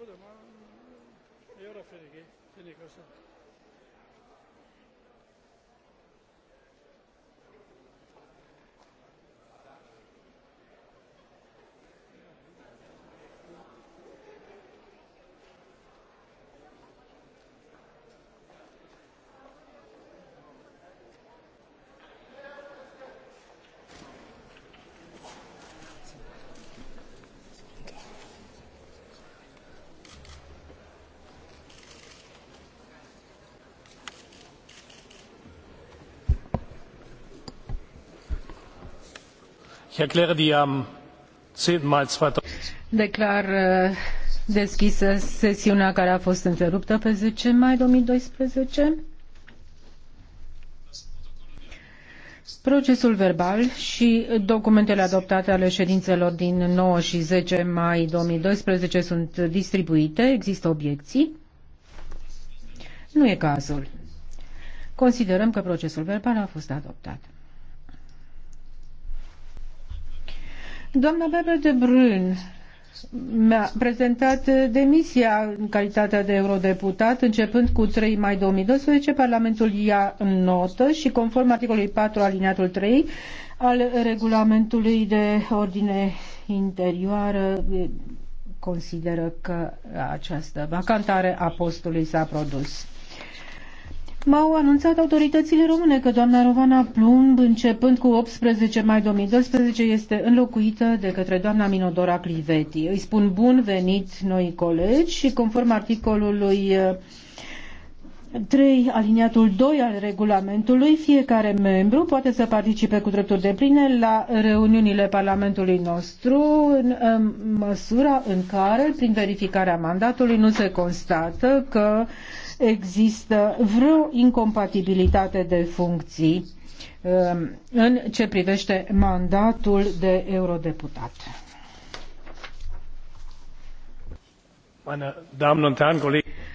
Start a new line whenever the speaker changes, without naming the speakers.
Scuze, mă... E rău, fenica, Fenică, așa. Declar uh, deschisă sesiunea care a fost întreruptă pe 10 mai 2012. Procesul verbal și documentele adoptate ale ședințelor din 9 și 10 mai 2012 sunt distribuite. Există obiecții? Nu e cazul. Considerăm că procesul verbal a fost adoptat. Doamna Barbara de Brun mi-a prezentat demisia în calitatea de eurodeputat începând cu 3 mai 2012. Parlamentul ia în notă și conform articolului 4 aliniatul 3 al regulamentului de ordine interioară consideră că această vacantare a postului s-a produs m-au anunțat autoritățile române că doamna Rovana Plumb, începând cu 18 mai 2012, este înlocuită de către doamna Minodora Cliveti. Îi spun bun venit noi colegi și conform articolului 3, aliniatul 2 al regulamentului, fiecare membru poate să participe cu drepturi de pline la reuniunile Parlamentului nostru în, în măsura în care, prin verificarea mandatului, nu se constată că există vreo incompatibilitate de funcții um, în ce privește mandatul de eurodeputat. Meine Damen und Herren, Kollegen.